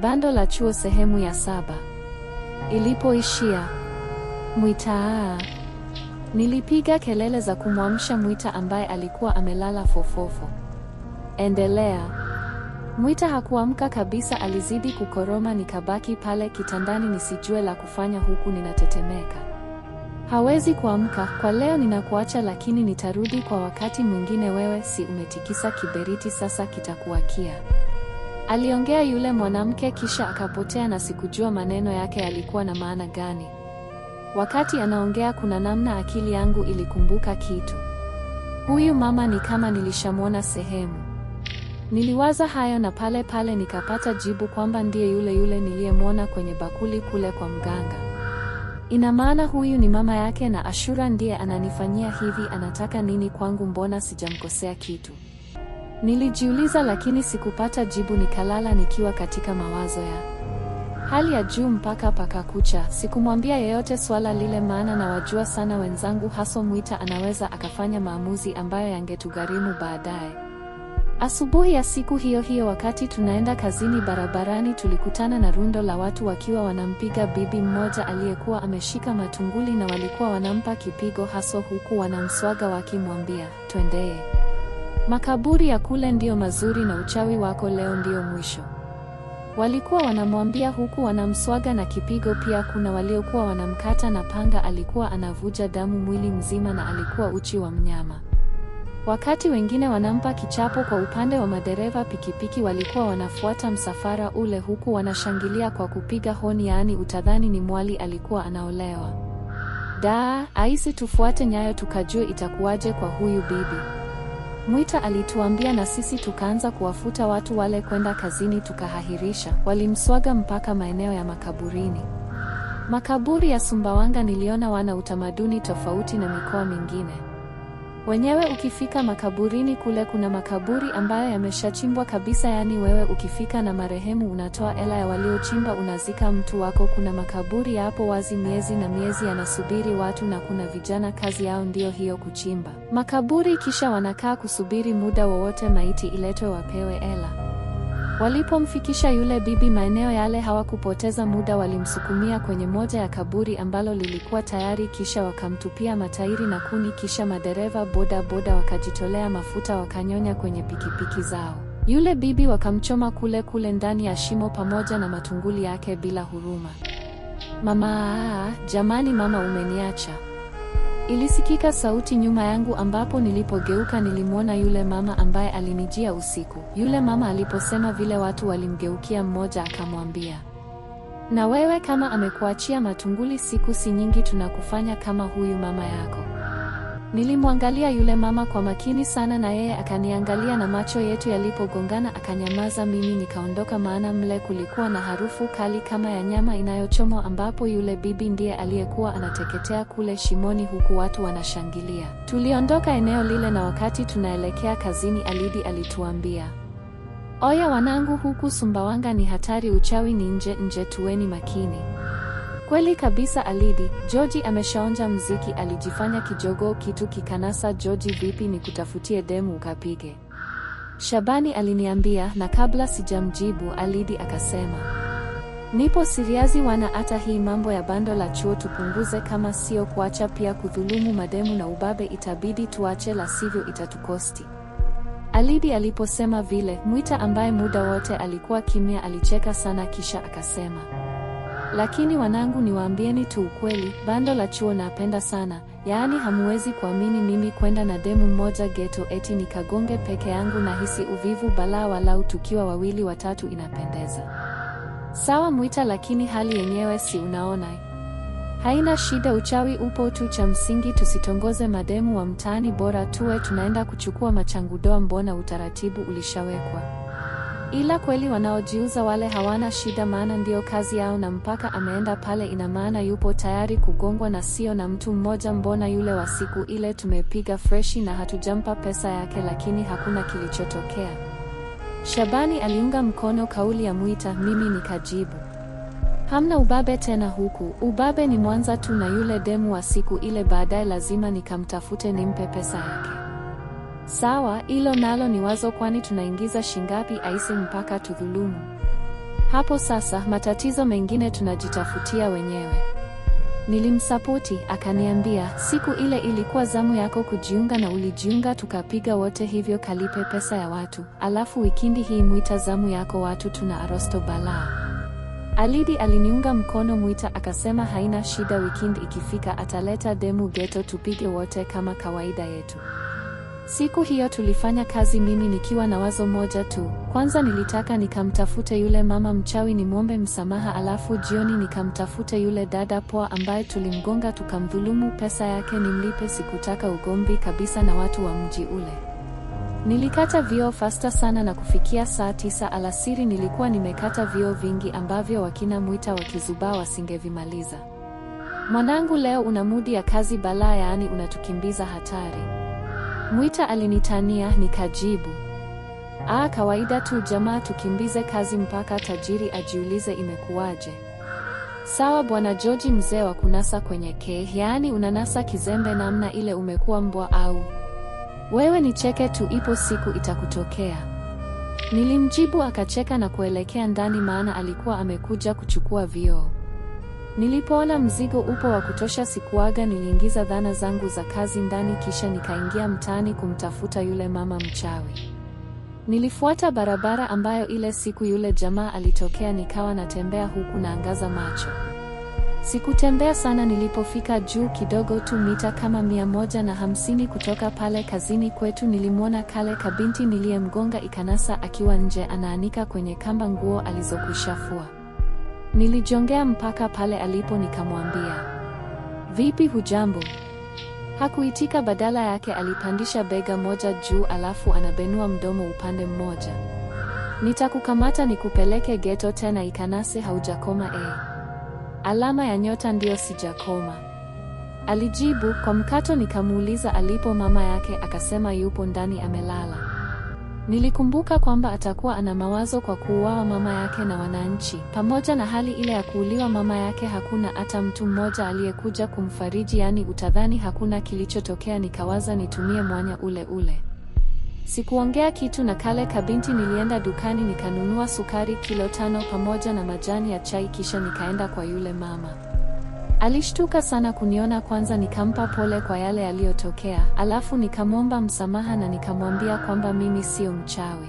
Bando la chuo sehemu ya saba. Ilipoishia Mwitaa, nilipiga kelele za kumwamsha Mwita ambaye alikuwa amelala fofofo. Endelea. Mwita hakuamka kabisa, alizidi kukoroma. Nikabaki pale kitandani nisijue la kufanya, huku ninatetemeka. Hawezi kuamka kwa leo, ninakuacha lakini nitarudi kwa wakati mwingine. Wewe si umetikisa kiberiti, sasa kitakuwakia. Aliongea yule mwanamke kisha akapotea na sikujua maneno yake yalikuwa na maana gani. Wakati anaongea kuna namna akili yangu ilikumbuka kitu. Huyu mama ni kama nilishamwona sehemu. Niliwaza hayo na pale pale nikapata jibu kwamba ndiye yule yule niliyemwona kwenye bakuli kule kwa mganga. Ina maana huyu ni mama yake na Ashura ndiye ananifanyia hivi anataka nini kwangu mbona sijamkosea kitu? Nilijiuliza lakini sikupata jibu, nikalala nikiwa katika mawazo ya hali ya juu mpaka pakakucha. Sikumwambia yeyote swala lile, maana nawajua sana wenzangu, haso Mwita anaweza akafanya maamuzi ambayo yangetugharimu baadaye. Asubuhi ya siku hiyo hiyo, wakati tunaenda kazini, barabarani tulikutana na rundo la watu wakiwa wanampiga bibi mmoja aliyekuwa ameshika matunguli, na walikuwa wanampa kipigo haso, huku wanamswaga wakimwambia twendee. Makaburi ya kule ndiyo mazuri na uchawi wako leo ndiyo mwisho. Walikuwa wanamwambia huku wanamswaga na kipigo pia kuna waliokuwa wanamkata na panga alikuwa anavuja damu mwili mzima na alikuwa uchi wa mnyama. Wakati wengine wanampa kichapo kwa upande wa madereva pikipiki walikuwa wanafuata msafara ule huku wanashangilia kwa kupiga honi yaani utadhani ni mwali alikuwa anaolewa. Daa, aisi tufuate nyayo tukajue itakuwaje kwa huyu bibi. Mwita alituambia na sisi tukaanza kuwafuta watu wale kwenda kazini, tukahahirisha. Walimswaga mpaka maeneo ya makaburini. Makaburi ya Sumbawanga niliona wana utamaduni tofauti na mikoa mingine. Wenyewe ukifika makaburini kule kuna makaburi ambayo yameshachimbwa kabisa, yaani wewe ukifika na marehemu unatoa ela ya waliochimba unazika mtu wako. Kuna makaburi yapo wazi miezi na miezi yanasubiri watu, na kuna vijana kazi yao ndiyo hiyo kuchimba makaburi, kisha wanakaa kusubiri muda wowote maiti iletwe wapewe ela. Walipomfikisha yule bibi maeneo yale, hawakupoteza muda, walimsukumia kwenye moja ya kaburi ambalo lilikuwa tayari, kisha wakamtupia matairi na kuni, kisha madereva boda boda wakajitolea mafuta wakanyonya kwenye pikipiki zao. Yule bibi wakamchoma kule kule ndani ya shimo pamoja na matunguli yake bila huruma. Mama, jamani, mama umeniacha. Ilisikika sauti nyuma yangu ambapo nilipogeuka nilimwona yule mama ambaye alinijia usiku. Yule mama aliposema vile watu walimgeukia mmoja akamwambia, "Na wewe kama amekuachia matunguli siku si nyingi tunakufanya kama huyu mama yako." Nilimwangalia yule mama kwa makini sana na yeye akaniangalia na macho yetu yalipogongana akanyamaza. Mimi nikaondoka, maana mle kulikuwa na harufu kali kama ya nyama inayochomwa, ambapo yule bibi ndiye aliyekuwa anateketea kule shimoni, huku watu wanashangilia. Tuliondoka eneo lile, na wakati tunaelekea kazini, Alidi alituambia oya wanangu, huku Sumbawanga ni hatari, uchawi ni nje nje, tuweni makini. Kweli kabisa Alidi, joji ameshaonja mziki, alijifanya kijogoo kitu kikanasa. joji vipi, ni kutafutie demu ukapige? Shabani aliniambia, na kabla sijamjibu Alidi akasema, nipo siriazi wana, hata hii mambo ya bando la chuo tupunguze, kama sio kuacha pia kudhulumu mademu na ubabe, itabidi tuache, la sivyo itatukosti. Alidi aliposema vile, Mwita ambaye muda wote alikuwa kimya alicheka sana, kisha akasema lakini wanangu, niwaambieni tu ukweli, bando la chuo napenda sana, yaani hamwezi kuamini mimi kwenda na demu mmoja geto eti nikagonge peke yangu. Nahisi uvivu balaa, walau tukiwa wawili watatu inapendeza. Sawa Mwita, lakini hali yenyewe si unaona haina shida, uchawi upo tu. Cha msingi tusitongoze mademu wa mtaani, bora tuwe tunaenda kuchukua machangudoa. Mbona utaratibu ulishawekwa? Ila kweli wanaojiuza wale hawana shida, maana ndiyo kazi yao, na mpaka ameenda pale, ina maana yupo tayari kugongwa na sio na mtu mmoja. Mbona yule wa siku ile tumepiga freshi na hatujampa pesa yake, lakini hakuna kilichotokea? Shabani aliunga mkono kauli ya Mwita, mimi nikajibu hamna ubabe tena huku. Ubabe ni Mwanza tu, na yule demu wa siku ile baadaye lazima nikamtafute nimpe pesa yake. Sawa, hilo nalo ni wazo, kwani tunaingiza shingapi aisi mpaka tudhulumu? Hapo sasa matatizo mengine tunajitafutia wenyewe. Nilimsapoti, akaniambia siku ile ilikuwa zamu yako kujiunga na ulijiunga, tukapiga wote hivyo, kalipe pesa ya watu, alafu wikindi hii mwita zamu yako watu, tuna arosto balaa. Alidi aliniunga mkono Mwita akasema haina shida, wikindi ikifika ataleta demu geto tupige wote kama kawaida yetu. Siku hiyo tulifanya kazi mimi nikiwa na wazo moja tu. Kwanza nilitaka nikamtafute yule mama mchawi nimwombe msamaha, alafu jioni nikamtafute yule dada poa ambaye tulimgonga tukamdhulumu pesa yake nimlipe. Sikutaka ugomvi kabisa na watu wa mji ule. Nilikata vioo fasta sana na kufikia saa tisa alasiri nilikuwa nimekata vioo vingi ambavyo wakina Mwita wakizubaa wasingevimaliza. Mwanangu, leo una mudi ya kazi balaa, yaani unatukimbiza hatari. Mwita alinitania nikajibu, a kawaida tu jamaa, tukimbize kazi mpaka tajiri ajiulize imekuwaje. Sawa bwana George, mzee wa kunasa kwenye ke, yaani unanasa kizembe namna ile, umekuwa mbwa au wewe? ni cheke tu, ipo siku itakutokea, nilimjibu. Akacheka na kuelekea ndani, maana alikuwa amekuja kuchukua vioo. Nilipoona mzigo upo wa kutosha sikuaga, niliingiza dhana zangu za kazi ndani, kisha nikaingia mtaani kumtafuta yule mama mchawi. Nilifuata barabara ambayo ile siku yule jamaa alitokea, nikawa natembea huku naangaza macho. Sikutembea sana, nilipofika juu kidogo tu mita kama mia moja na hamsini kutoka pale kazini kwetu, nilimwona Kale kabinti niliyemgonga ikanasa akiwa nje anaanika kwenye kamba nguo alizokushafua. Nilijongea mpaka pale alipo nikamwambia, vipi hujambo? Hakuitika, badala yake alipandisha bega moja juu alafu anabenua mdomo upande mmoja. Nitakukamata nikupeleke geto tena ikanase, haujakoma eh? Alama ya nyota ndiyo sijakoma, alijibu kwa mkato. Nikamuuliza alipo mama yake, akasema yupo ndani amelala. Nilikumbuka kwamba atakuwa ana mawazo kwa kuuawa mama yake na wananchi. Pamoja na hali ile ya kuuliwa mama yake, hakuna hata mtu mmoja aliyekuja kumfariji, yaani utadhani hakuna kilichotokea. Nikawaza nitumie mwanya ule ule. Sikuongea kitu na kale kabinti. Nilienda dukani nikanunua sukari kilo tano pamoja na majani ya chai, kisha nikaenda kwa yule mama. Alishtuka sana kuniona kwanza, nikampa pole kwa yale yaliyotokea, alafu nikamwomba msamaha na nikamwambia kwamba mimi sio mchawi.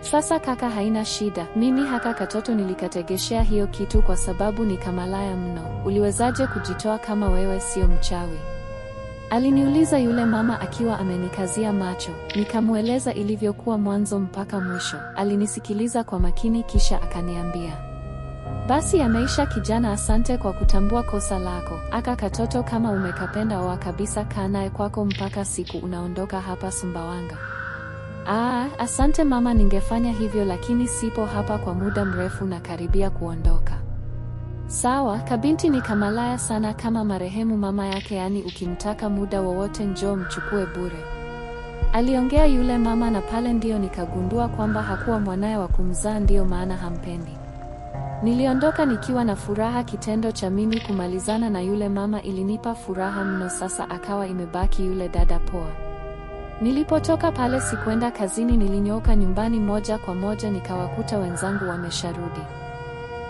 Sasa kaka, haina shida. Mimi haka katoto nilikategeshea hiyo kitu kwa sababu ni kamalaya mno. Uliwezaje kujitoa kama wewe sio mchawi? Aliniuliza yule mama akiwa amenikazia macho. Nikamweleza ilivyokuwa mwanzo mpaka mwisho. Alinisikiliza kwa makini kisha akaniambia basi ameisha kijana, asante kwa kutambua kosa lako. Aka katoto kama umekapenda wa kabisa, kaa naye kwako mpaka siku unaondoka hapa Sumbawanga. Aa, asante mama, ningefanya hivyo lakini sipo hapa kwa muda mrefu na karibia kuondoka. Sawa, kabinti ni kamalaya sana kama marehemu mama yake, yaani ukimtaka muda wowote njoo mchukue bure. Aliongea yule mama na pale ndio nikagundua kwamba hakuwa mwanaye wa kumzaa, ndiyo maana hampendi. Niliondoka nikiwa na furaha. Kitendo cha mimi kumalizana na yule mama ilinipa furaha mno. Sasa akawa imebaki yule dada poa. Nilipotoka pale sikwenda kazini, nilinyoka nyumbani moja kwa moja, nikawakuta wenzangu wamesharudi.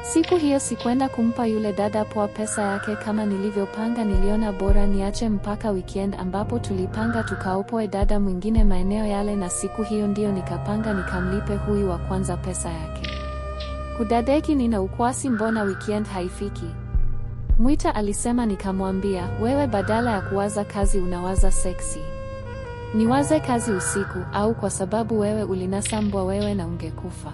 Siku hiyo sikwenda kumpa yule dada poa pesa yake kama nilivyopanga. Niliona bora niache mpaka weekend, ambapo tulipanga tukaopoe dada mwingine maeneo yale, na siku hiyo ndiyo nikapanga nikamlipe huyu wa kwanza pesa yake. Kudadeki nina ukwasi, mbona weekend haifiki? Mwita alisema, nikamwambia wewe, badala ya kuwaza kazi unawaza seksi. Niwaze kazi usiku au? Kwa sababu wewe ulinasa mbwa wewe, na ungekufa.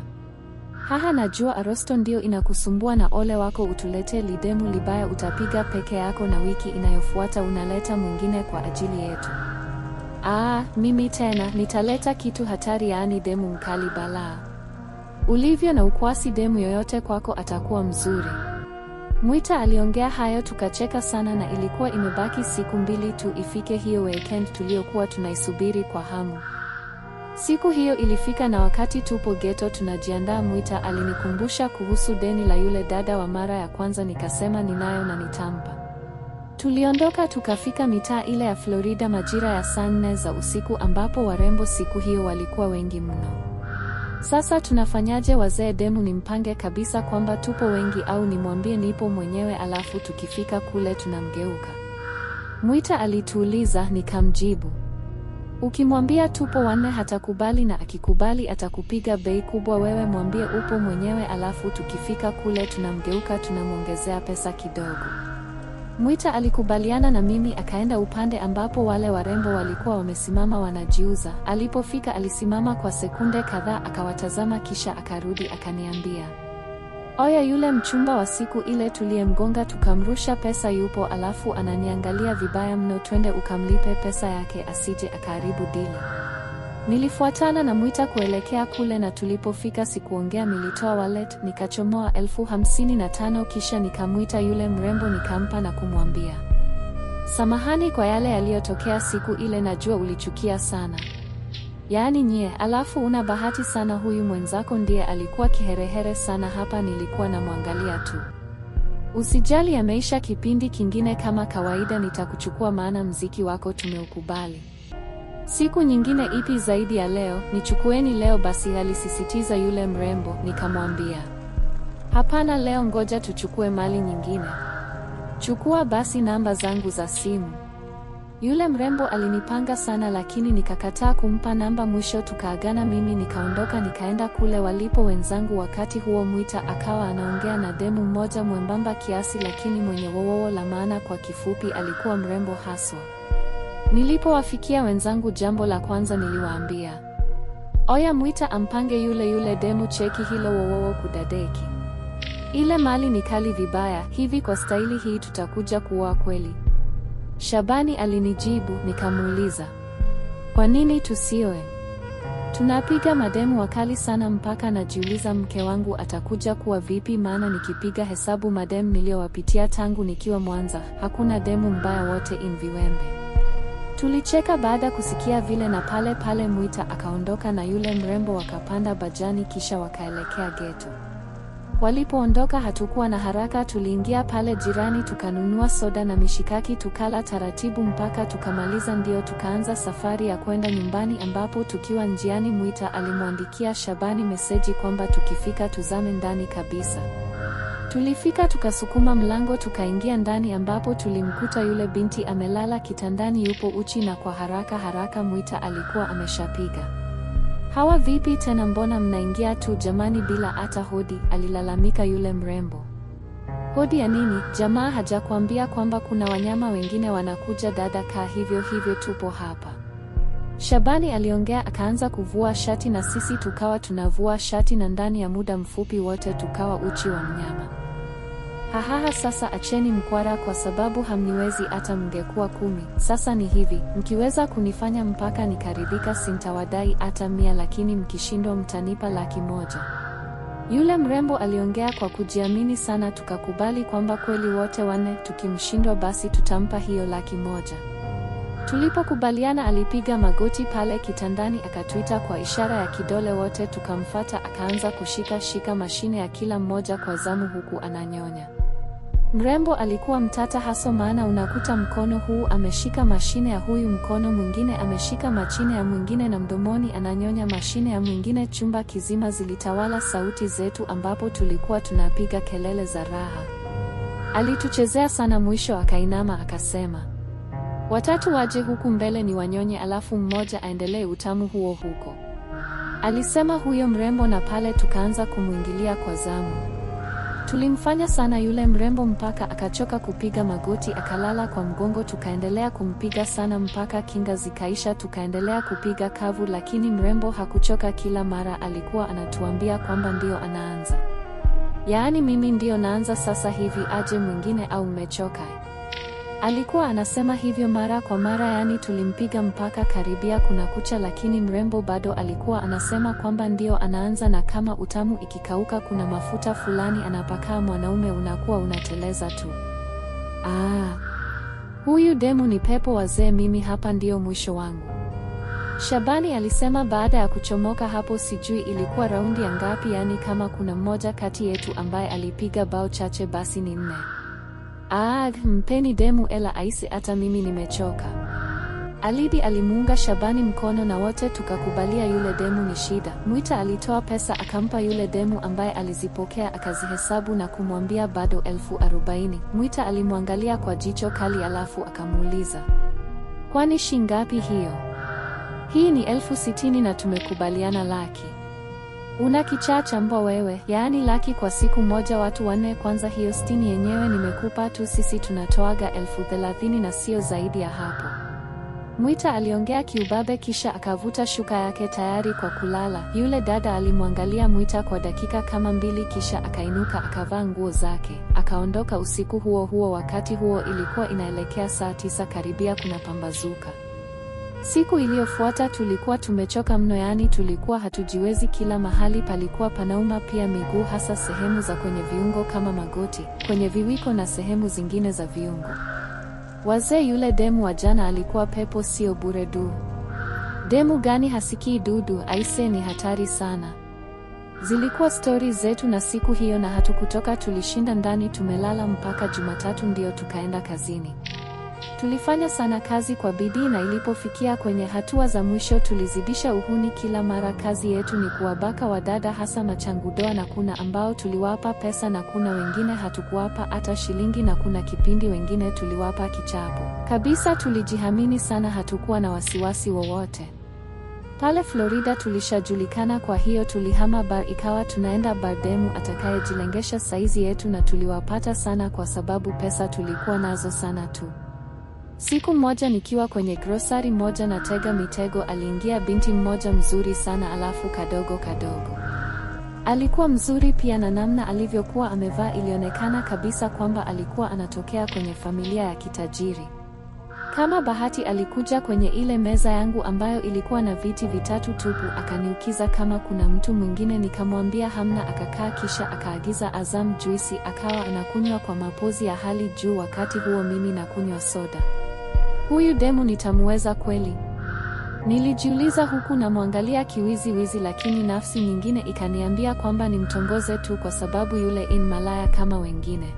Haha, najua Arosto ndio inakusumbua na ole wako, utulete lidemu libaya utapiga peke yako, na wiki inayofuata unaleta mwingine kwa ajili yetu. Aa, mimi tena nitaleta kitu hatari, yaani demu mkali balaa ulivyo na ukwasi demu yoyote kwako atakuwa mzuri. Mwita aliongea hayo tukacheka sana na ilikuwa imebaki siku mbili tu ifike hiyo weekend tuliyokuwa tunaisubiri kwa hamu. Siku hiyo ilifika na wakati tupo geto tunajiandaa, Mwita alinikumbusha kuhusu deni la yule dada wa mara ya kwanza, nikasema ninayo na nitampa. Tuliondoka tukafika mitaa ile ya Florida majira ya saa nne za usiku ambapo warembo siku hiyo walikuwa wengi mno. Sasa tunafanyaje wazee? Demu nimpange kabisa kwamba tupo wengi, au nimwambie nipo mwenyewe, alafu tukifika kule tunamgeuka? Mwita alituuliza, nikamjibu ukimwambia tupo wanne hatakubali, na akikubali atakupiga bei kubwa. Wewe mwambie upo mwenyewe, alafu tukifika kule tunamgeuka, tunamwongezea pesa kidogo. Mwita alikubaliana na mimi akaenda upande ambapo wale warembo walikuwa wamesimama wanajiuza. Alipofika alisimama kwa sekunde kadhaa akawatazama kisha akarudi akaniambia, Oya yule mchumba wa siku ile tuliyemgonga tukamrusha pesa yupo alafu ananiangalia vibaya mno twende ukamlipe pesa yake asije akaharibu dili. Nilifuatana na Mwita kuelekea kule na tulipofika sikuongea, nilitoa wallet nikachomoa elfu hamsini na tano kisha nikamwita yule mrembo nikampa na kumwambia, samahani kwa yale yaliyotokea siku ile, najua ulichukia sana. Yaani nyie, alafu una bahati sana, huyu mwenzako ndiye alikuwa kiherehere sana hapa, nilikuwa namwangalia tu. Usijali, ameisha. Kipindi kingine kama kawaida nitakuchukua, maana mziki wako tumeukubali. Siku nyingine ipi zaidi ya leo? Nichukueni leo basi, alisisitiza yule mrembo. Nikamwambia, hapana, leo ngoja tuchukue mali nyingine. Chukua basi namba zangu za simu. Yule mrembo alinipanga sana, lakini nikakataa kumpa namba. Mwisho tukaagana, mimi nikaondoka nikaenda kule walipo wenzangu. Wakati huo Mwita akawa anaongea na demu mmoja mwembamba kiasi, lakini mwenye wowowo la maana. Kwa kifupi, alikuwa mrembo haswa. Nilipowafikia wenzangu, jambo la kwanza niliwaambia, oya, Mwita ampange yule yule demu cheki hilo wowowo kudadeki. Ile mali ni kali vibaya hivi, kwa staili hii tutakuja kuoa kweli? Shabani alinijibu. Nikamuuliza, kwa nini tusioe? Tunapiga mademu wakali sana, mpaka najiuliza mke wangu atakuja kuwa vipi? Maana nikipiga hesabu mademu niliyowapitia tangu nikiwa Mwanza, hakuna demu mbaya, wote inviwembe. Tulicheka baada kusikia vile, na pale pale Mwita akaondoka na yule mrembo wakapanda bajani, kisha wakaelekea geto. Walipoondoka hatukuwa na haraka, tuliingia pale jirani tukanunua soda na mishikaki tukala taratibu mpaka tukamaliza, ndio tukaanza safari ya kwenda nyumbani, ambapo tukiwa njiani Mwita alimwandikia Shabani meseji kwamba tukifika tuzame ndani kabisa. Tulifika tukasukuma mlango tukaingia ndani ambapo tulimkuta yule binti amelala kitandani yupo uchi na kwa haraka haraka Mwita alikuwa ameshapiga. Hawa vipi tena mbona mnaingia tu jamani bila hata hodi, alilalamika yule mrembo. Hodi ya nini? Jamaa hajakwambia kwamba kuna wanyama wengine wanakuja dada? Kaa hivyo hivyo, tupo hapa. Shabani aliongea akaanza kuvua shati na sisi tukawa tunavua shati na ndani ya muda mfupi wote tukawa uchi wa mnyama. Hahaha, sasa acheni mkwara, kwa sababu hamniwezi hata mngekuwa kumi. Sasa ni hivi, mkiweza kunifanya mpaka nikaridhika, sintawadai hata mia, lakini mkishindwa mtanipa laki moja. Yule mrembo aliongea kwa kujiamini sana, tukakubali kwamba kweli wote wanne tukimshindwa basi tutampa hiyo laki moja. Tulipokubaliana alipiga magoti pale kitandani akatuita kwa ishara ya kidole, wote tukamfata, akaanza kushika shika mashine ya kila mmoja kwa zamu, huku ananyonya. Mrembo alikuwa mtata haso, maana unakuta mkono huu ameshika mashine ya huyu, mkono mwingine ameshika mashine ya mwingine, na mdomoni ananyonya mashine ya mwingine. Chumba kizima zilitawala sauti zetu, ambapo tulikuwa tunapiga kelele za raha. Alituchezea sana, mwisho akainama akasema, watatu waje huku mbele ni wanyonye, alafu mmoja aendelee utamu huo huko, alisema huyo mrembo, na pale tukaanza kumwingilia kwa zamu. Tulimfanya sana yule mrembo mpaka akachoka kupiga magoti akalala kwa mgongo. Tukaendelea kumpiga sana mpaka kinga zikaisha, tukaendelea kupiga kavu, lakini mrembo hakuchoka. Kila mara alikuwa anatuambia kwamba ndio anaanza, yaani mimi ndiyo naanza sasa hivi, aje mwingine au mmechoka? Alikuwa anasema hivyo mara kwa mara, yaani tulimpiga mpaka karibia kuna kucha, lakini mrembo bado alikuwa anasema kwamba ndio anaanza, na kama utamu ikikauka, kuna mafuta fulani anapakaa mwanaume, unakuwa unateleza tu. Ah, huyu demu ni pepo wazee, mimi hapa ndio mwisho wangu. Shabani alisema baada ya kuchomoka hapo. Sijui ilikuwa raundi ya ngapi, yaani kama kuna mmoja kati yetu ambaye alipiga bao chache, basi ni nne. Aag, ah, mpeni demu ela aisi, hata mimi nimechoka. Alidi alimuunga Shabani mkono na wote tukakubalia yule demu ni shida. Mwita alitoa pesa akampa yule demu ambaye alizipokea akazihesabu na kumwambia bado elfu arobaini. Mwita alimwangalia kwa jicho kali alafu akamuuliza, kwani shingapi hiyo? Hii ni elfu sitini na tumekubaliana laki. Una kichaa cha mbwa wewe, yaani laki kwa siku moja watu wanne. Kwanza hiyo sitini yenyewe nimekupa tu, sisi tunatoaga elfu thelathini na sio zaidi ya hapo. Mwita aliongea kiubabe kisha akavuta shuka yake tayari kwa kulala. Yule dada alimwangalia Mwita kwa dakika kama mbili kisha akainuka akavaa nguo zake, akaondoka usiku huo huo. Wakati huo ilikuwa inaelekea saa tisa karibia kuna pambazuka. Siku iliyofuata tulikuwa tumechoka mno, yaani tulikuwa hatujiwezi. Kila mahali palikuwa panauma, pia miguu, hasa sehemu za kwenye viungo kama magoti, kwenye viwiko na sehemu zingine za viungo. Wazee, yule demu wa jana alikuwa pepo, sio bure du. Demu gani hasikii dudu? Aise, ni hatari sana. Zilikuwa stori zetu na siku hiyo, na hatukutoka. Tulishinda ndani tumelala mpaka Jumatatu, ndiyo tukaenda kazini. Tulifanya sana kazi kwa bidii na ilipofikia kwenye hatua za mwisho tulizidisha uhuni kila mara. Kazi yetu ni kuwabaka wadada hasa machangudoa, na kuna ambao tuliwapa pesa na kuna wengine hatukuwapa hata shilingi, na kuna kipindi wengine tuliwapa kichapo kabisa. Tulijihamini sana, hatukuwa na wasiwasi wowote pale Florida tulishajulikana, kwa hiyo tulihama bar, ikawa tunaenda bar demu atakayejilengesha saizi yetu, na tuliwapata sana kwa sababu pesa tulikuwa nazo sana tu. Siku moja nikiwa kwenye grosari moja na tega mitego, aliingia binti mmoja mzuri sana, alafu kadogo kadogo. Alikuwa mzuri pia na namna alivyokuwa amevaa ilionekana kabisa kwamba alikuwa anatokea kwenye familia ya kitajiri. Kama bahati alikuja kwenye ile meza yangu ambayo ilikuwa na viti vitatu tupu, akaniukiza kama kuna mtu mwingine, nikamwambia hamna, akakaa kisha akaagiza Azam juisi, akawa anakunywa kwa mapozi ya hali juu, wakati huo mimi nakunywa soda. Huyu demu nitamuweza kweli? Nilijiuliza huku namwangalia kiwiziwizi, lakini nafsi nyingine ikaniambia kwamba nimtongoze tu kwa sababu yule in malaya kama wengine.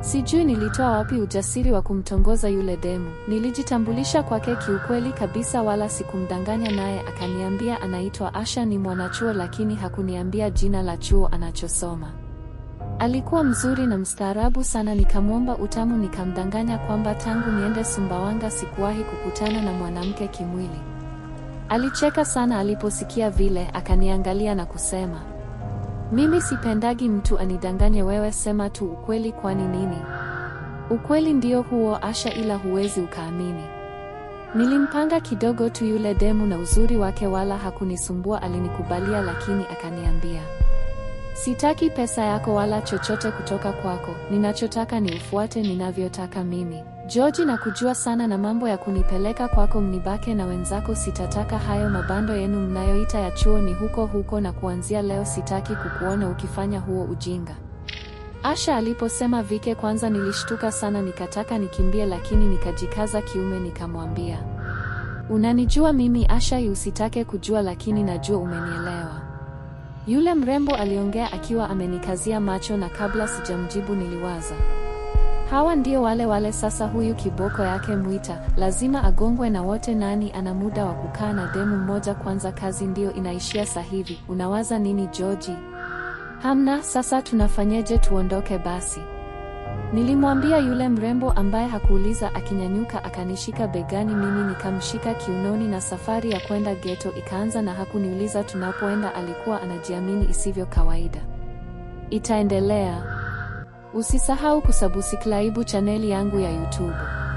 Sijui nilitoa wapi ujasiri wa kumtongoza yule demu. Nilijitambulisha kwake kiukweli kabisa, wala sikumdanganya, naye akaniambia anaitwa Asha, ni mwanachuo, lakini hakuniambia jina la chuo anachosoma. Alikuwa mzuri na mstaarabu sana. Nikamwomba utamu, nikamdanganya kwamba tangu niende Sumbawanga sikuwahi kukutana na mwanamke kimwili. Alicheka sana aliposikia vile, akaniangalia na kusema, mimi sipendagi mtu anidanganye. Wewe sema tu ukweli, kwani nini? Ukweli ndio huo Asha, ila huwezi ukaamini. Nilimpanga kidogo tu yule demu na uzuri wake, wala hakunisumbua. Alinikubalia, lakini akaniambia Sitaki pesa yako wala chochote kutoka kwako. Ninachotaka ni ufuate ninavyotaka mimi. George, kujua sana na mambo ya kunipeleka kwako mnibake na wenzako sitataka. Hayo mabando yenu mnayoita ya chuo ni huko huko, na kuanzia leo sitaki kukuona ukifanya huo ujinga. Asha aliposema vike, kwanza nilishtuka sana, nikataka nikimbie, lakini nikajikaza kiume, nikamwambia unanijua mimi Asha, usitake kujua, lakini najua umenielewa. Yule mrembo aliongea akiwa amenikazia macho na kabla sijamjibu niliwaza. Hawa ndio wale wale sasa huyu kiboko yake Mwita, lazima agongwe na wote nani ana muda wa kukaa na demu mmoja kwanza kazi ndiyo inaishia sahivi. Unawaza nini joji Hamna, sasa tunafanyeje tuondoke basi? Nilimwambia yule mrembo ambaye hakuuliza akinyanyuka akanishika begani, mimi nikamshika kiunoni na safari ya kwenda geto ikaanza, na hakuniuliza tunapoenda. Alikuwa anajiamini isivyo kawaida. Itaendelea. Usisahau kusubscribe chaneli yangu ya YouTube.